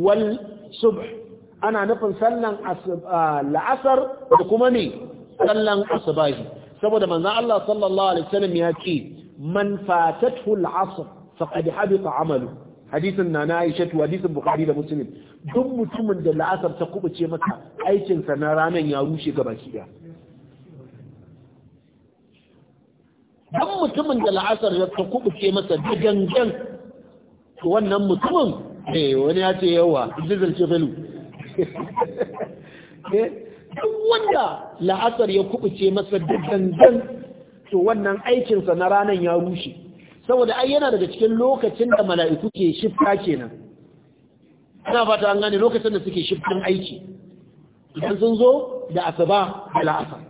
S1: wal subh ana nufin sallan la'asar da kuma ne sallan asbahi saboda manzon Allah sallallahu alaihi wasallam ya ce man fatathu al-asr faqad habita amalu hadisin na na Aisha to hadisin Bukhari da Muslim duk mutumin da la'asar ta kubuce maka aikin na ranan ya rushe gabaki daya dan mutumin da la'asar ta kubuce masa da wannan mutumin eh wani ya ce yawa dizal ce falu [LAUGHS] eh, duk wanda la'asar ya kubuce masa da gangan to wannan aikinsa na ranar ya rushe saboda ai yana daga cikin lokacin da mala'iku ke shifta kenan ana fata an gane lokacin da suke shiftin aiki idan sun zo da asuba da la'asar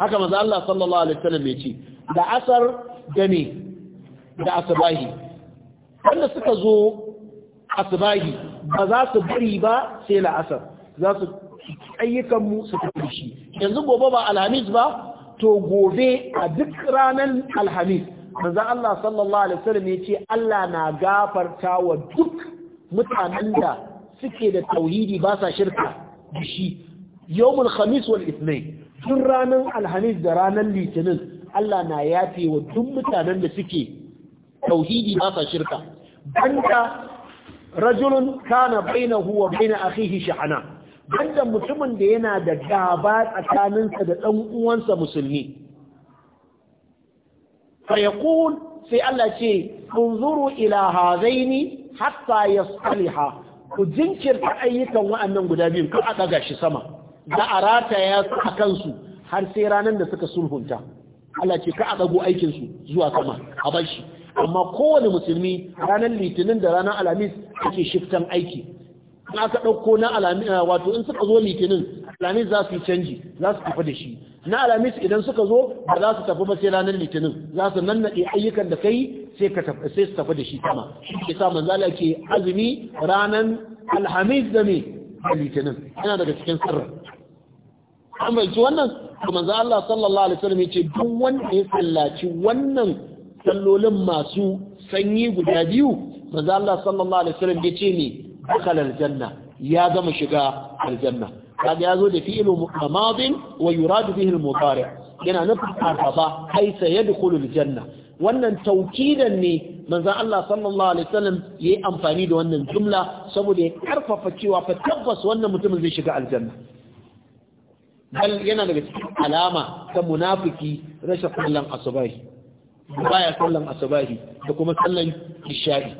S1: haka maza Allah sallallahu alaihi wasallam ya ce da asar da ne da asubahi wanda suka zo asubahi ba za su bari ba sai la'asar za su ayyukanmu su tafi shi yanzu gobe ba alhamis ba to gobe a duk ranar alhamis manzo Allah sallallahu alaihi wasallam yace Allah na gafarta wa duk mutanen da suke da tauhidi ba sa shirka da shi yawmul khamis wal tun ranar alhamis da ranar litinin Allah na yafe wa duk mutanen da suke tauhidi ba sa shirka banda rajulun kana bainahu wa bain akhihi shi'ana banda mutumin da yana da gaba tsakaninsa da ɗan uwansa musulmi fayakun sai Allah ce kunzuru ila hazaini hatta yasaliha ku jinkirta ayyukan wa'annan guda biyu ka aka gashi sama da arata ya a kansu har sai ranar da suka sulhunta Allah ce ka aka go aikin zuwa sama a bar shi amma kowane musulmi ranar litinin da ranar alamis ake shiftan aiki in aka ɗauko na alamis eh, wato in suka zo litinin alamis za su yi canji za su tafi da shi na alamis idan suka zo ba za su tafi ba sai ranar litinin za su nan naɗe ayyukan da kai sai ka sai su tafi da shi sama shi ke sa manzala ke azumi ranar alhamis da me da litinin yana daga cikin sirrin an bayyana wannan kuma manzo Allah sallallahu alaihi wasallam ya ce duk wanda ya sallaci wannan sallolin masu sanyi guda biyu manzo Allah sallallahu alaihi wasallam ya ce ne dakhala janna ya gama shiga aljanna ya zo da fi'lu madin wa yuradu bihi al-mudari' yana nufin araba kai sai yadkhulu aljanna wannan taukidan ne manzon Allah sallallahu alaihi wasallam yayi amfani da wannan jumla saboda ya karfafa cewa fa tabbas wannan mutumin zai shiga aljanna bal yana daga cikin alama ta munafuki rashin sallan asubahi baya sallan asubahi da kuma sallan isha'i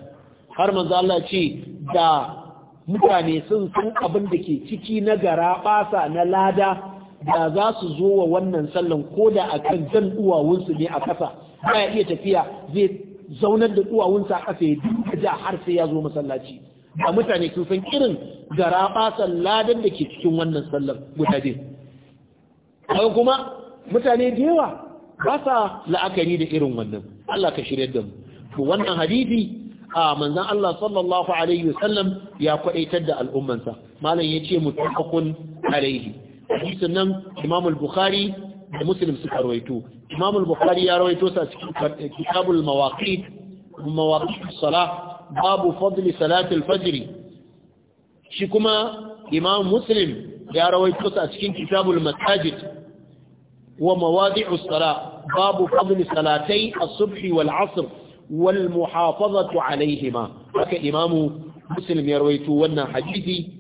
S1: har manzo Allah ce da mutane sun san abin da ke ciki na gara basa na lada da za su zo wa wannan sallan koda akan jan duwawunsu ne a kasa baya iya tafiya zai zaunar da duwawunsa a kasa ya da har sai ya zo masallaci Da mutane sun san irin gara basa ladan da ke cikin wannan sallan guda kai kuma mutane da yawa ba sa la'akari da irin wannan Allah ka shirya da mu to wannan hadisi a manzan Allah sallallahu alaihi wasallam ya kwadaitar da al'ummansa malam yace mutafaqun alaihi hadisin nan Imam bukhari da Muslim suka rawaito Imam bukhari ya rawaito sa cikin kitabul mawaqit mawaqit as-salah babu fadli salatul fajr shi kuma Imam Muslim ya rawaito sa cikin kitabul masajid wa mawadi'us salah babu fadli salatai as-subh wal 'asr wal muhafazatu alaihima haka imamu muslim ya wannan hadisi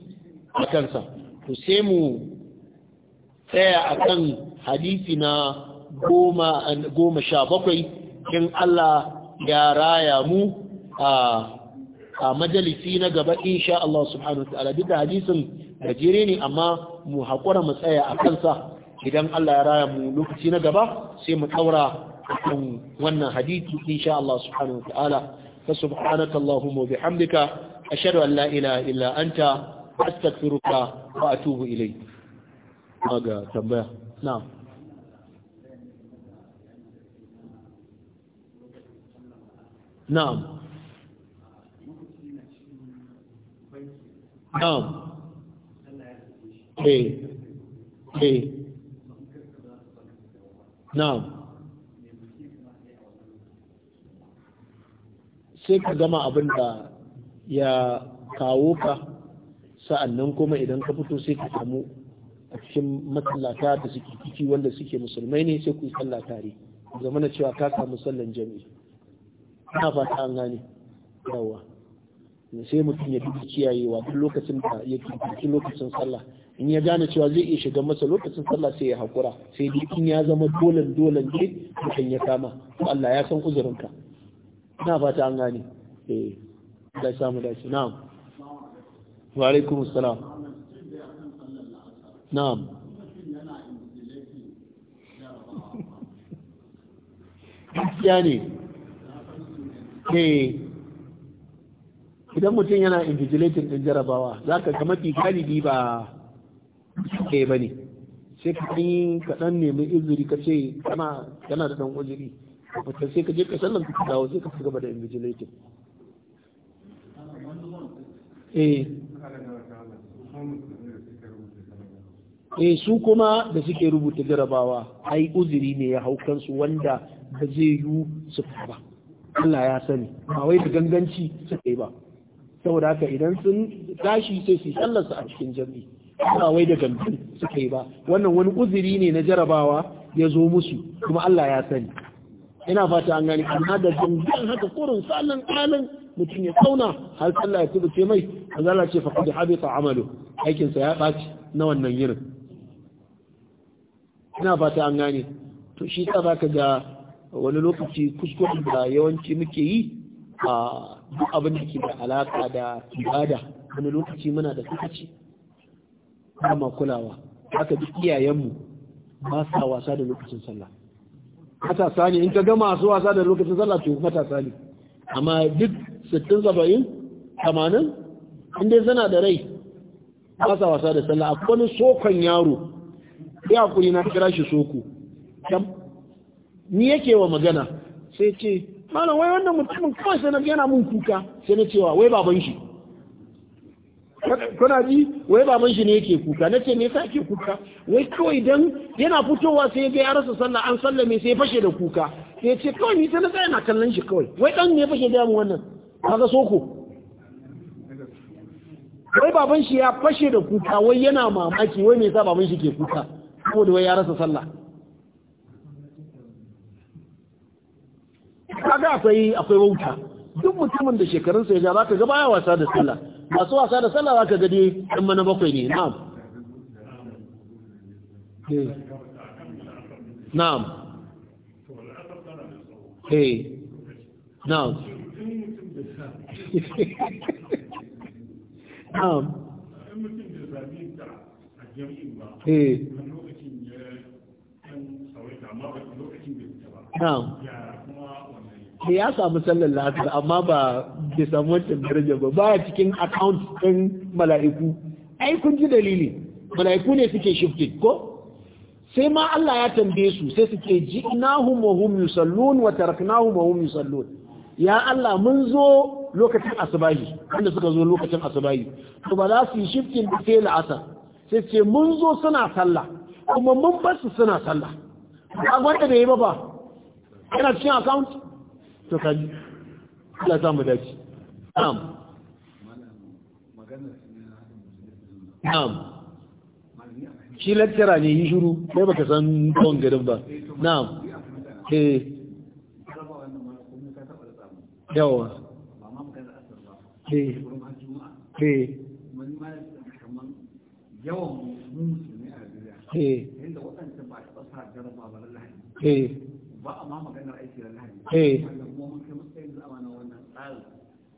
S1: a kansa to sai mu tsaya akan hadisi na goma sha bakwai in Allah ya raya mu a a majalisi na gaba insha Allah subhanahu wa ta'ala duk da hadisin gajere ne amma mu haƙura mu tsaya akansa idan Allah ya raya mu lokaci na gaba sai mu ɗaura wannan hadithi insha Allah subhanahu wa ta'ala fa subhanaka allahumma wa bihamdika ashhadu an la ilaha illa anta astaghfiruka wa atubu ilayk aga tambaya na'am na'am na'am eh eh na'am sai ka gama abin da ya kawo ka sa'annan kuma idan ka fito sai ka samu a cikin masallata da suke ciki wanda suke musulmai ne sai ku yi sallah tare zamana cewa ka samu sallan jami'i ina fata an gane yawa sai mutum ya fi kiyayewa duk lokacin da ya fi lokacin sallah in ya gane cewa zai iya shiga masa lokacin sallah sai ya haƙura sai dai ya zama dolan dolan ne mutum ya kama Allah ya san uzurinka na fata an gani eh da samu da shi na'am
S2: wa alaikum assalam
S1: na'am gaskiya ne eh idan mutum yana invigilating din jarabawa za ka ga fi galibi ba ke ba ne sai kaɗan nemi izuri ka ce kana da ɗan uzuri ka sai ka je ka sallan ka dawo sai ka ci gaba da invigilating eh. eh su kuma da suke rubuta jarabawa ai uzuri ne ya hau kansu wanda ba zai yi su ba Allah ya sani ba wai da ganganci suka yi ba saboda haka idan sun tashi sai su sallar su a cikin jami'i ba wai da ganganci suka yi ba wannan wani uzuri ne na jarabawa ya zo musu kuma Allah ya sani ina fata an gani amma da gangan haka kurin salin alin mutum ya tsauna har sallah ya kubuce mai azala ce faqad habita amalu aikin sa ya baci na wannan yirin ina fata an gani to shi ka baka ga wani lokaci kuskuren da yawanci muke yi a duk abin da ke da alaka da ibada wani lokaci muna da sukaci ba ma kulawa haka duk iyayenmu ba sa wasa da lokacin sallah matasa ne in ka gama su wasa da lokacin sallah to matasa ne amma duk 60 80 in dai suna da rai ba wasa da sallah akwai wani sokon yaro ya kuri na kira shi soko ni yake wa magana sai ce malam wai wannan mutumin kawai sai na yana mun kuka sai na cewa wai baban shi kuna ji wai baban shi ne yake kuka nace me yasa yake kuka wai kawai dan yana fitowa sai ga yarasa sallah an sallame sai fashe da kuka sai yace ce kawai ni sai na tsaya na kallon shi kawai wai dan ne fashe da mu wannan kaga soko wai baban shi ya fashe da kuka wai yana mamaki wai me yasa baban shi ke kuka saboda wai ya rasa sallah kaga akwai akwai wauta duk mutumin da shekarunsa ya ja zaka ga baya wasa da sallah masu wasa da sallah zaka gadi ɗan mana bakwai ne na'am na'am eh na'am na'am eh na'am sai ya samu sallar la'asar amma ba bai samu wancan daraja ba ba cikin account ɗin mala'iku ai kun ji dalili mala'iku ne suke shifted ko sai ma Allah ya tambaye su sai suke ji ji'nahum wa hum yusallun wa taraknahum wa hum yusallun ya Allah mun zo lokacin asubahi wanda suka zo lokacin asubahi to ba za su yi shifting da sai la'asar sai ce mun zo suna sallah kuma mun bar su suna sallah a wanda bai yi ba ba yana cikin account to kaji ala za mu dace na'am na'am shi lecturer ne yi shiru bai baka san don garin ba na'am eh yawa musulmi a Najeriya inda ba a ma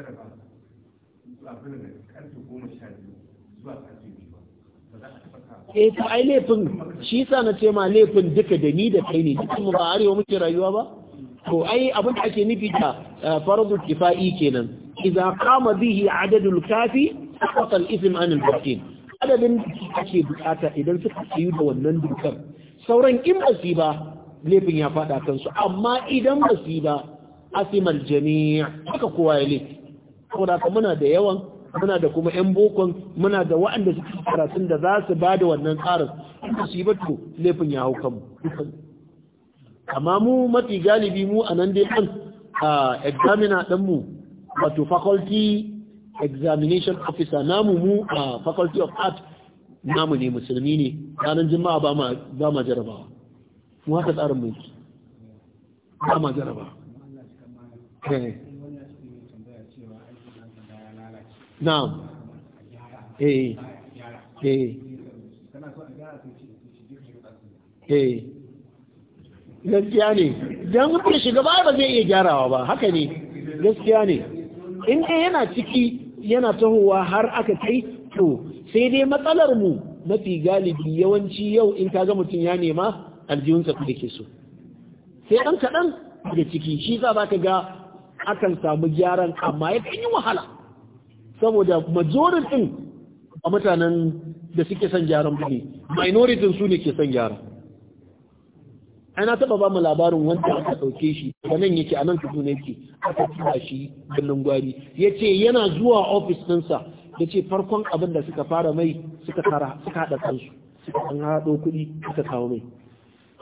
S1: E, karfe goma to ai laifin shi sa na ce ma laifin duka da ni da kai ne cikin mu ba arewa muke rayuwa ba to ai abin da ake nufi da eh, farzu kifa'i kenan idza qama bihi adadul kafi saqata al ithm an al adadin ake bukata idan suka tsayu da wannan dukkan sauran in ba ba laifin ya fada kansu amma idan ba ba asimal jami' haka kowa ya laifi saboda ka muna da yawan muna da kuma yan bokon muna da waɗanda suke karatun da za su ba da wannan tsarin in su yi ba to laifin ya hau kanmu amma mu mafi galibi mu a nan dai an examiner ɗanmu wato faculty examination officer namu mu a faculty of art namu ne musulmi ne ranar jima'a ba ma jarabawa mu haka tsarin mulki ba ma jarabawa eh. na'am eh, eh eh eh gaskiya ne don shiga ba ba zai iya gyarawa ba haka ne gaskiya ne in ɗaya yana ciki yana tahowa har aka kai to sai dai matsalar mu mafi galibi yawanci yau in ka ga mutum ya nema aljihunsa ku da ke so sai ɗan kaɗan da ciki shi za ba ka ga akan samu gyaran amma ya yi wahala saboda majority din a mutanen da suke son gyaran bane minority su ne ke son gyara ana taba ba mu labarin wanda aka ɗauke shi da nan yake a nan kudu ne yake aka tura shi birnin gwari yace yana zuwa office ɗinsa yace farkon abin da suka fara mai suka tara suka hada kansu suka an hado kuɗi suka kawo mai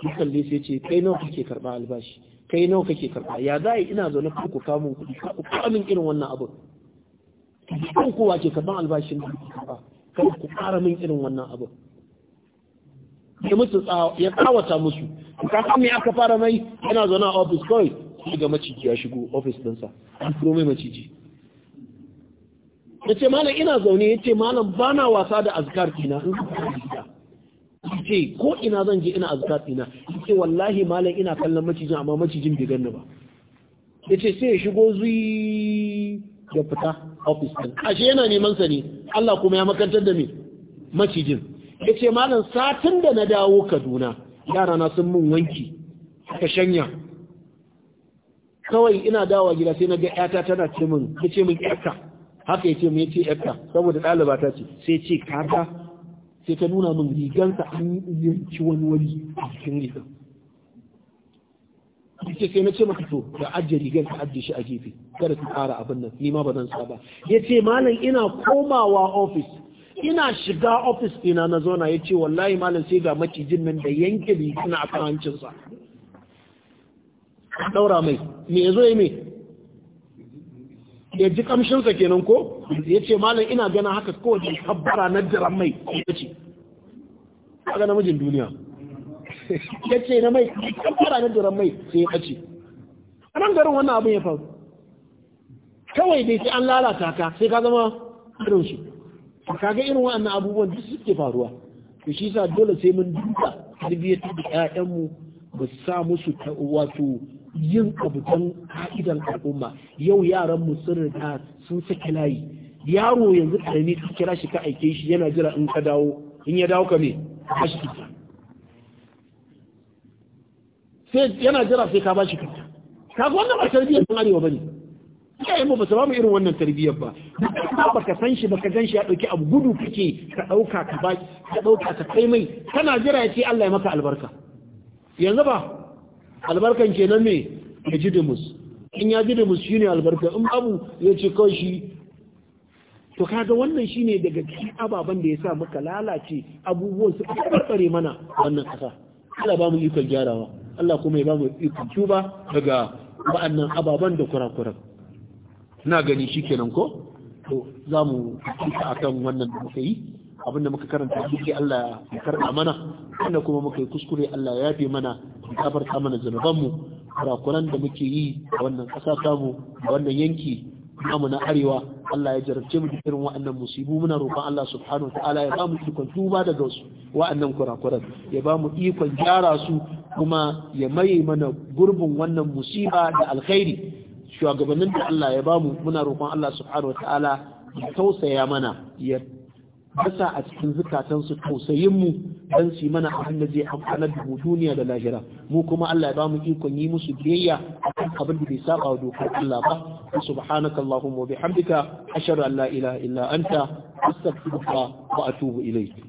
S1: shi kalle sai ce kai nawa kake karba albashi kai nawa kake karba ya za ina zaune ku kamun kuɗi ku irin wannan abin kan kowa ke karban albashin da ba kada ku ƙara min irin wannan abu ya musu ya tsawata musu ka san me aka fara mai yana zaune a office kawai shi ga maciji ya shigo office sa an furo mai maciji ya ce malam ina zaune ya ce malam ba na wasa da azkar dina in ce ko ina zan je ina azkar dina ya ce wallahi malam ina kallon macijin amma macijin bai ganni ba ya ce sai ya shigo zuyi ya fita ofis ɗin ashe yana neman sa ne Allah kuma ya makantar da me macijin ya ce malam satin da na dawo kaduna yara na sun mun wanki ka shanya kawai ina dawa gida sai na ga yata tana ce min ya ce min yarka haka ya ce mun ya ce yarka saboda ɗaliba ta ce sai ce kata sai ta nuna min rigansa an yi wani wani a cikin rigan yace sai na ce maka to da ajiye rigar ka ajiye shi a gefe kada ka ƙara abin nan ni ma ba zan sa ba yace malam ina komawa office ina shiga office ina na zona yace wallahi malam sai ga macijin nan da yanke suna a kan hancinsa daura mai me yazo yi mai ya ji kamshinsa kenan ko ya ce malam ina gana haka kowace kabbara na jiran mai ya ce ga namijin duniya Yace ce na mai kan fara na duran mai sai ya ɓace a nan garin wannan abin ya faru kawai dai sai an lalata ka sai ka zama irin su ga irin wannan abubuwan duk suke faruwa to shi sa dole sai mun duba tarbiyyar da ƴaƴanmu ba sa musu ta wato yin abu ka'idan al'umma yau yaran mu sun riga sun saki layi yaro yanzu karami ka kira shi ka aike shi yana jira in ka dawo in ya dawo ka shi kashi sai yana jira sai ka bashi kanta kaga wannan ba tarbiyyar ɗan arewa bane iyaye mu ba su bamu irin wannan tarbiyyar ba ba baka san shi ka gan shi ya dauki abu gudu kake ka dauka ka ba ka dauka ka kai mai kana jira ya ce Allah ya maka albarka yanzu ba albarkan kenan me ya ji in ya ji dumus shine albarka in babu ya ce kawai shi to kaga wannan shine daga cikin ababen da ya sa muka lalace abubuwan su karbare mana wannan kasa Allah ba mu ikon gyarawa Allah kuma ya ba mu ikon tuba daga ba'annan ababen da kurakuran ina gani shikenan ko to za mu a kan wannan da muka yi abin da muka karanta shi Allah ya karɓa mana wanda kuma muka yi kuskure Allah ya yafe mana ya gafarta mana mu, kurakuran da muke yi a wannan ƙasa tamu a wannan yanki namu na arewa Allah ya jarabce mu irin waɗannan musibu muna roƙon Allah subhanahu ta'ala ya bamu ikon tuba daga su kura kurakuran ya bamu ikon gyara su kuma ya maye mana gurbin wannan musiba da alkhairi shugabannin da Allah ya bamu muna roƙon Allah subhanahu ta'ala ya tausaya mana ya basa a cikin zukatansu tausayin mu dan su mana abin da zai amfana da duniya da lahira mu kuma Allah ya ba mu ikon yi musu biyayya akan abin da bai saba wa dokar Allah ba subhanaka allahumma wa bihamdika ashhadu an la ilaha illa anta astaghfiruka wa atubu ilayk